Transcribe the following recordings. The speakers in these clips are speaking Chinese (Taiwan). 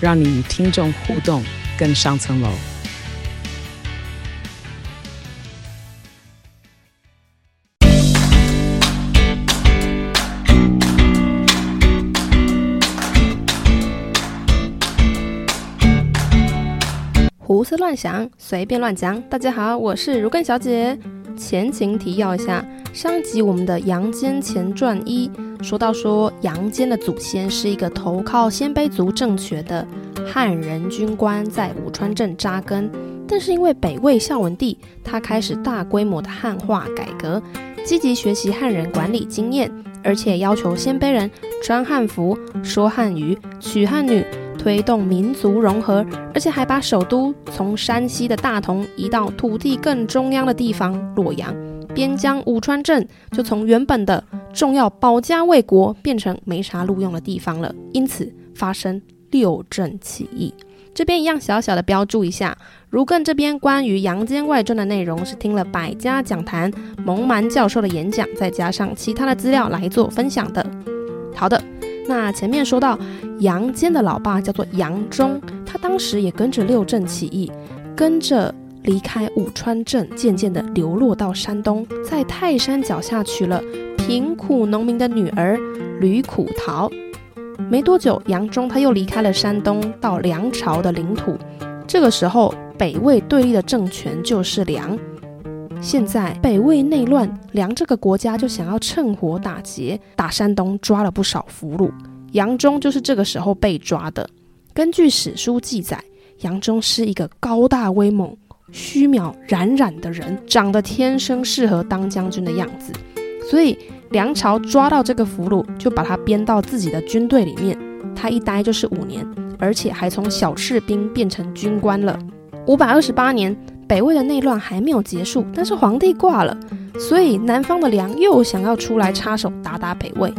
讓你與聽眾互動更上層樓。胡思亂想，隨便亂講。大家好，我是儒艮小姐。前情提要一下，上集我們的《楊堅前傳一》說到說，說楊堅的祖先是一個投靠鮮卑族政權的漢人軍官，在武川鎮扎根。但是因為北魏孝文帝，他開始大規模的漢化改革，積極學習漢人管理經驗，而且要求鮮卑人穿漢服、說漢語、娶漢女。推動民族融合，而且還把首都從山西的大同移到土地更中央的地方洛陽，邊疆武川鎮就從原本的重要保家衛國變成沒啥路用的地方了，因此發生六鎮起義。這邊一樣小小的標注一下，儒艮這邊關於《楊堅外傳》的內容是聽了百家講壇蒙曼教授的演講，再加上其他的資料來做分享的。好的，那前面說到。楊堅的老爸叫做楊忠，他當時也跟着六鎮起義，跟着離開武川鎮，漸漸地流落到山東，在泰山腳下娶了貧苦農民的女兒呂苦桃。沒多久，楊忠他又離開了山東，到梁朝的領土。這個時候，北魏對立的政權就是梁。現在北魏內亂，梁這個國家就想要趁火打劫，打山東，抓了不少俘虜。楊忠就是這個時候被抓的。根據史書記載，楊忠是一個高大威猛、鬚髯冉冉的人，長得天生適合當將軍的樣子。所以梁朝抓到這個俘虜，就把他編到自己的軍隊裡面。他一待就是五年，而且還從小士兵變成軍官了。五百二十八年，北魏的內亂還沒有結束，但是皇帝掛了，所以南方的梁又想要出來插手打打北魏。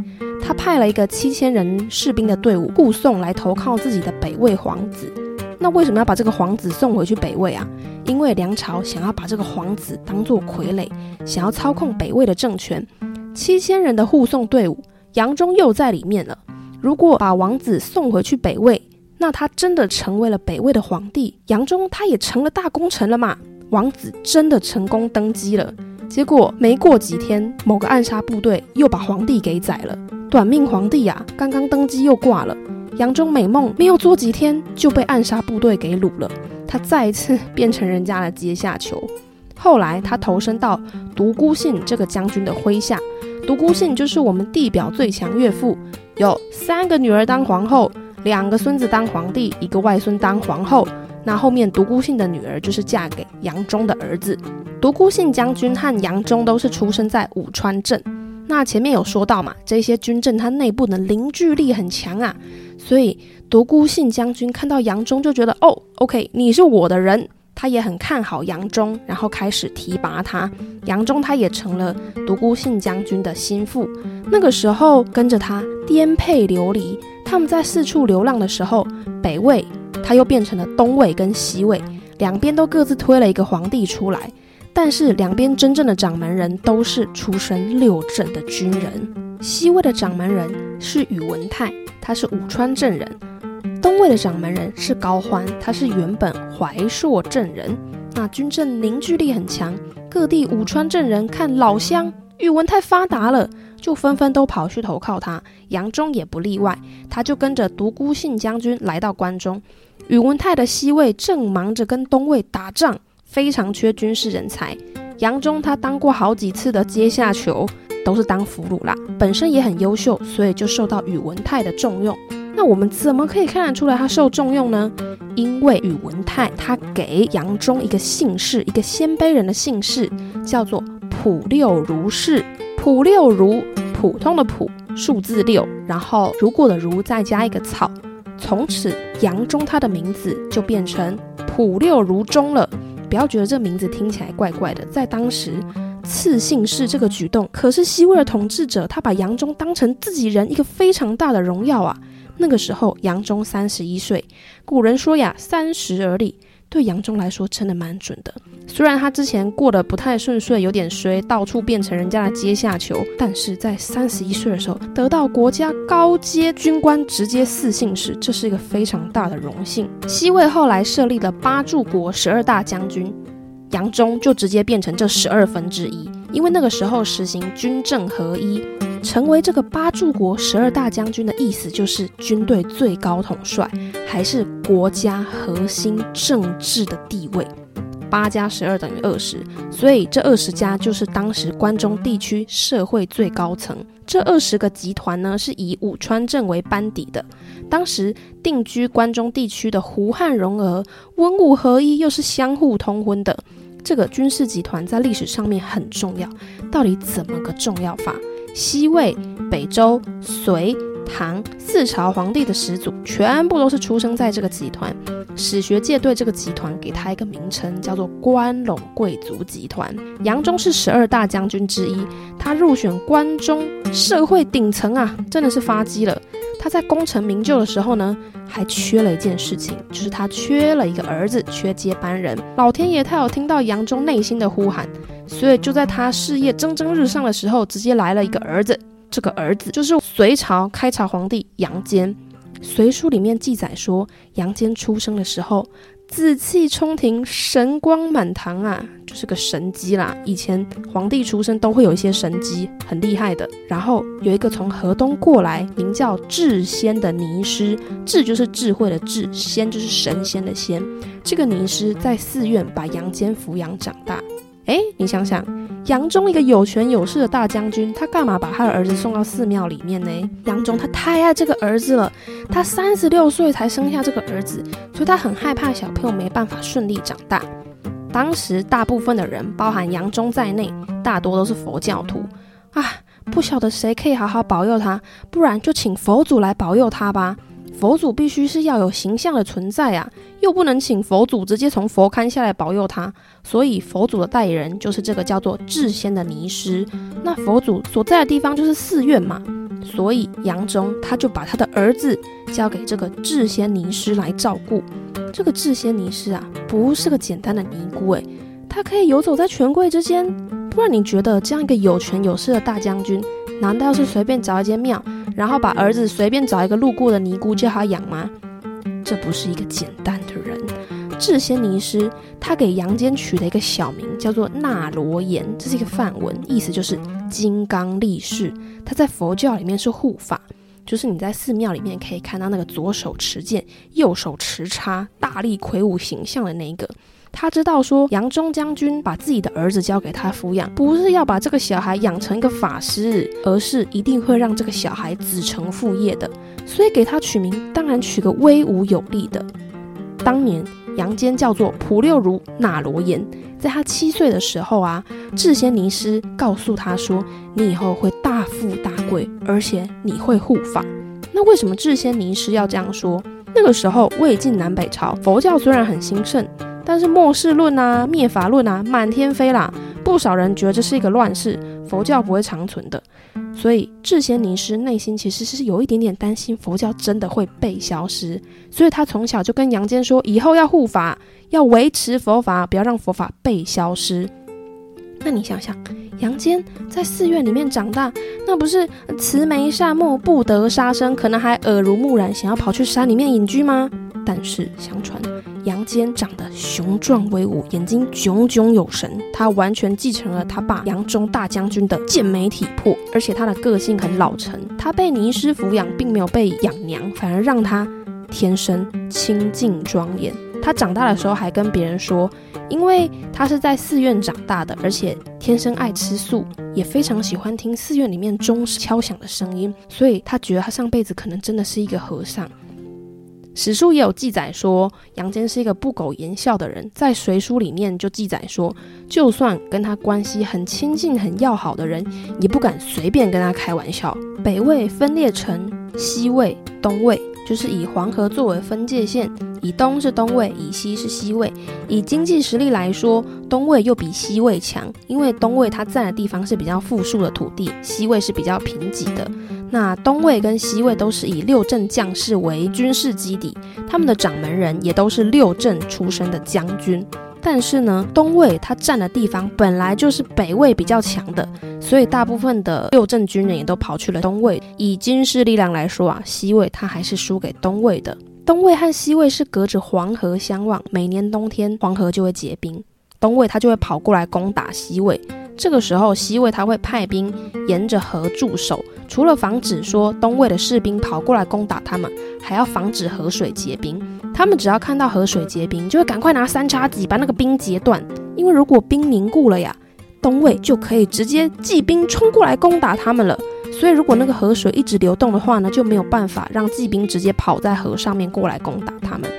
他派了一個七千人士兵的隊伍護送來投靠自己的北魏皇子。那為什麼要把這個皇子送回去北魏啊？因為梁朝想要把這個皇子當作傀儡，想要操控北魏的政權。七千人的護送隊伍，楊忠又在裡面了。如果把王子送回去北魏，那他真的成為了北魏的皇帝。楊忠他也成了大功臣了嘛。王子真的成功登基了。結果沒過幾天，某個暗殺部隊又把皇帝給宰了。短命皇帝呀、啊，剛剛登基又掛了。楊忠美夢沒有做幾天，就被暗殺部隊給擄了。他再一次變成人家的階下囚。後來他投身到獨孤信這個將軍的麾下。獨孤信就是我們地表最強岳父，有三個女兒當皇後，兩個孫子當皇帝，一個外孫當皇後。那後面獨孤信的女兒就是嫁給楊忠的兒子。獨孤信將軍和楊忠都是出生在武川鎮。那前面有說到嘛，這些軍政它內部的凝聚力很強啊，所以獨孤信將軍看到楊忠就覺得，哦，OK，你是我的人，他也很看好楊忠，然後開始提拔他。楊忠他也成了獨孤信將軍的心腹。那個時候跟着他顛沛流離，他們在四處流浪的時候，北魏他又變成了東魏跟西魏，兩邊都各自推了一個皇帝出來。但是兩邊真正的掌門人都是出身六鎮的軍人，西魏的掌門人是宇文泰，他是武川鎮人；東魏的掌門人是高歡，他是原本懷朔鎮人。那軍鎮凝聚力很強，各地武川鎮人看老鄉宇文泰發達了，就紛紛都跑去投靠他，楊忠也不例外，他就跟着獨孤信將軍來到關中。宇文泰的西魏正忙着跟東魏打仗。非常缺軍事人才，楊忠他當過好幾次的階下囚，都是當俘虜啦。本身也很優秀，所以就受到宇文泰的重用。那我們怎麼可以看得出來他受重用呢？因為宇文泰他給楊忠一個姓氏，一個鮮卑人的姓氏叫做普六如氏，普六如普通的普，數字六，然後如果的如再加一個草，從此楊忠他的名字就變成普六如忠了。不要覺得這名字聽起來怪怪的，在當時賜姓氏這個舉動可是西魏的統治者他把楊忠當成自己人，一個非常大的榮耀啊！那個時候楊忠三十一歲，古人說呀，三十而立。對楊忠來說，真的蠻準的。雖然他之前過得不太順遂，有點衰，到處變成人家的階下囚，但是在三十一歲的時候，得到國家高階軍官直接賜姓氏，這是一個非常大的榮幸。西魏後來設立了八柱國、十二大將軍，楊忠就直接變成這十二分之一，因為那個時候實行軍政合一。成為這個八柱國十二大將軍的意思，就是軍隊最高統帥，還是國家核心政治的地位。八加十二等於二十，所以這二十家就是當時關中地區社會最高層。這二十個集團呢，是以武川鎮為班底的。當時定居關中地區的胡漢融合，文武合一，又是相互通婚的。這個軍事集團在歷史上面很重要，到底怎麼個重要法？西魏、北周、隋、唐四朝皇帝的始祖全部都是出生在這個集團，史學界對這個集團給他一個名稱，叫做關隴貴族集團。楊忠是十二大將軍之一，他入選關中社會頂層啊，真的是發跡了。他在功成名就的時候呢，還缺了一件事情，就是他缺了一個兒子，缺接班人。老天爺他有聽到楊忠內心的呼喊，所以就在他事業蒸蒸日上的時候，直接來了一個兒子。這個兒子就是隋朝開朝皇帝楊堅，《隋書》裡面記載說，楊堅出生的時候，紫氣充庭，神光滿堂啊，就是個神蹟啦。以前皇帝出生都會有一些神蹟，很厲害的。然後有一個從河東過來，名叫智仙的尼師，智就是智慧的智，仙就是神仙的仙。這個尼師在寺院把楊堅撫養長大。哎，你想想，楊忠一個有權有勢的大將軍，他幹嘛把他的兒子送到寺廟裡面呢？楊忠他太愛這個兒子了，他三十六歲才生下這個兒子，所以他很害怕小朋友沒辦法順利長大。當時大部分的人，包含楊忠在內，大多都是佛教徒啊，不曉得誰可以好好保佑他，不然就請佛祖來保佑他吧。佛祖必須是要有形象的存在啊，又不能請佛祖直接從佛龕下來保佑他，所以佛祖的代言人就是這個叫做智仙的尼師。那佛祖所在的地方就是寺院嘛，所以楊忠他就把他的兒子交給這個智仙尼師來照顧。這個智仙尼師啊，不是個簡單的尼姑誒，他可以遊走在權貴之間，不然你覺得這樣一個有權有勢的大將軍？難道是隨便找一間廟，然後把兒子隨便找一個路過的尼姑叫他養嗎？這不是一個簡單的人。智仙尼師，他給楊堅取了一個小名，叫做納羅延，這是一個梵文，意思就是金剛力士。他在佛教裡面是護法，就是你在寺廟裡面可以看到那個左手持劍、右手持叉、大力魁梧形象的那一個。他知道說，楊忠將軍把自己的兒子交給他撫養，不是要把這個小孩養成一個法師，而是一定會讓這個小孩子承父業的，所以給他取名，當然取個威武有力的。當年楊堅叫做普六茹那羅延，在他七歲的時候啊，智仙尼師告訴他說：“你以後會大富大貴，而且你會護法。”那為什麼智仙尼師要這樣說？那個時候魏晉南北朝佛教雖然很興盛。但是末世論啊，滅法論啊，滿天飛啦！不少人覺得這是一個亂世，佛教不會長存的。所以智仙尼師內心其實是有一點點擔心，佛教真的會被消失。所以他從小就跟楊堅說，以後要護法，要維持佛法，不要讓佛法被消失。那你想想，楊堅在寺院裡面長大，那不是慈眉善目、不得殺生，可能還耳濡目染，想要跑去山裡面隱居嗎？但是相傳。楊堅長得雄壯威武，眼睛炯炯有神。他完全繼承了他爸楊忠大將軍的健美體魄，而且他的個性很老成。他被尼師撫養，並沒有被養娘，反而讓他天生清淨莊嚴。他長大的時候還跟別人說，因為他是在寺院長大的，而且天生愛吃素，也非常喜歡聽寺院裡面鐘聲敲響的聲音，所以他覺得他上輩子可能真的是一個和尚。史書也有記載說，楊堅是一個不苟言笑的人。在《隋書》裡面就記載說，就算跟他關係很親近、很要好的人，也不敢隨便跟他開玩笑。北魏分裂成西魏、東魏，就是以黃河作為分界線，以東是東魏，以西是西魏。以經濟實力來說，東魏又比西魏強，因為東魏它佔的地方是比較富庶的土地，西魏是比較貧瘠的。那東魏跟西魏都是以六鎮將士為軍事基底，他們的掌門人也都是六鎮出身的將軍。但是呢，東魏他占的地方本來就是北魏比較強的，所以大部分的六鎮軍人也都跑去了東魏。以軍事力量來說啊，西魏他還是輸給東魏的。東魏和西魏是隔着黃河相望，每年冬天黃河就會結冰，東魏他就會跑過來攻打西魏。這個時候，西魏他會派兵沿着河駐守，除了防止說東魏的士兵跑過來攻打他們，還要防止河水結冰。他們只要看到河水結冰，就會趕快拿三叉戟把那個冰截斷。因為如果冰凝固了呀，東魏就可以直接騎兵衝過來攻打他們了。所以，如果那個河水一直流動的話呢，就沒有辦法讓騎兵直接跑在河上面過來攻打他們。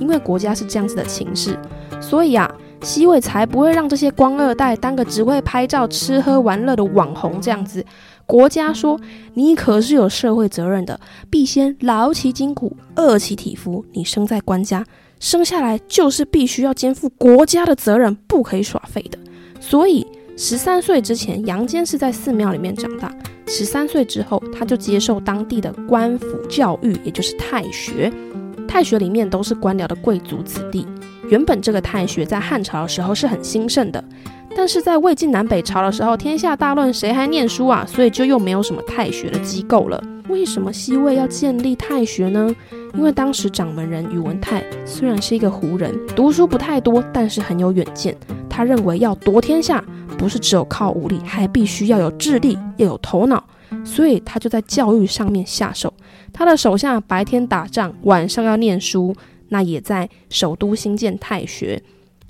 因為國家是這樣子的形勢，所以呀、啊。西魏才不會讓這些官二代當個只會拍照、吃喝玩樂的網紅這樣子。國家說你可是有社會責任的，必先勞其筋骨，餓其體膚。你生在官家，生下來就是必須要肩負國家的責任，不可以耍廢的。所以十三歲之前，楊堅是在寺廟裡面長大；十三歲之後，他就接受當地的官府教育，也就是太學。太學裡面都是官僚的貴族子弟。原本這個太學在漢朝的時候是很興盛的，但是在魏晉南北朝的時候，天下大亂，誰還念書啊？所以就又沒有什麼太學的機構了。為什麼西魏要建立太學呢？因為當時掌門人宇文泰雖然是一個胡人，讀書不太多，但是很有遠見。他認為要奪天下，不是只有靠武力，還必須要有智力，要有頭腦。所以他就在教育上面下手。他的手下白天打仗，晚上要念書。那也在首都興建太學。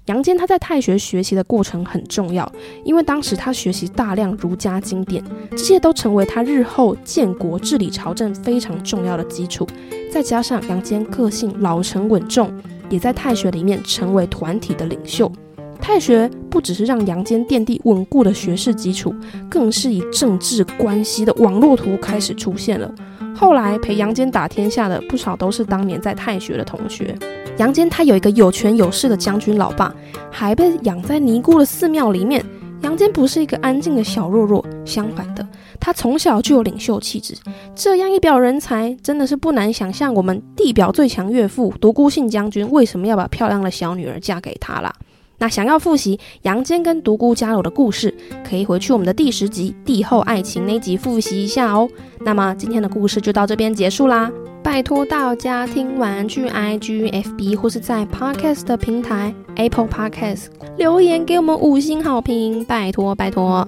楊堅他在太學學習的過程很重要，因為當時他學習大量儒家經典，這些都成為他日後建國治理朝政非常重要的基礎。再加上楊堅個性老成穩重，也在太學裡面成為團體的領袖。太學不只是讓楊堅奠定穩固的學識基礎，更是以政治關係的網絡圖開始出現了。後來陪楊堅打天下的不少都是當年在太學的同學。楊堅他有一個有權有勢的將軍老爸，還被養在尼姑的寺廟裡面。楊堅不是一個安靜的小弱弱，相反的，他從小就有領袖氣質。這樣一表人才，真的是不難想象我們地表最強岳父獨孤信將軍為什麼要把漂亮的小女兒嫁給他了。那想要復習楊堅跟獨孤伽羅的故事，可以回去我們的第十集《帝後愛情》那集復習一下哦。那麼今天的故事就到這邊結束啦。拜託大家聽完去 IG、FB 或是在 Podcast 的平台 Apple Podcast 留言給我們五星好評，拜託拜託。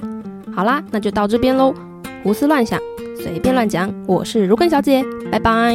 好啦，那就到這邊嘍。胡思亂想，隨便亂講，我是儒艮小姐，拜拜。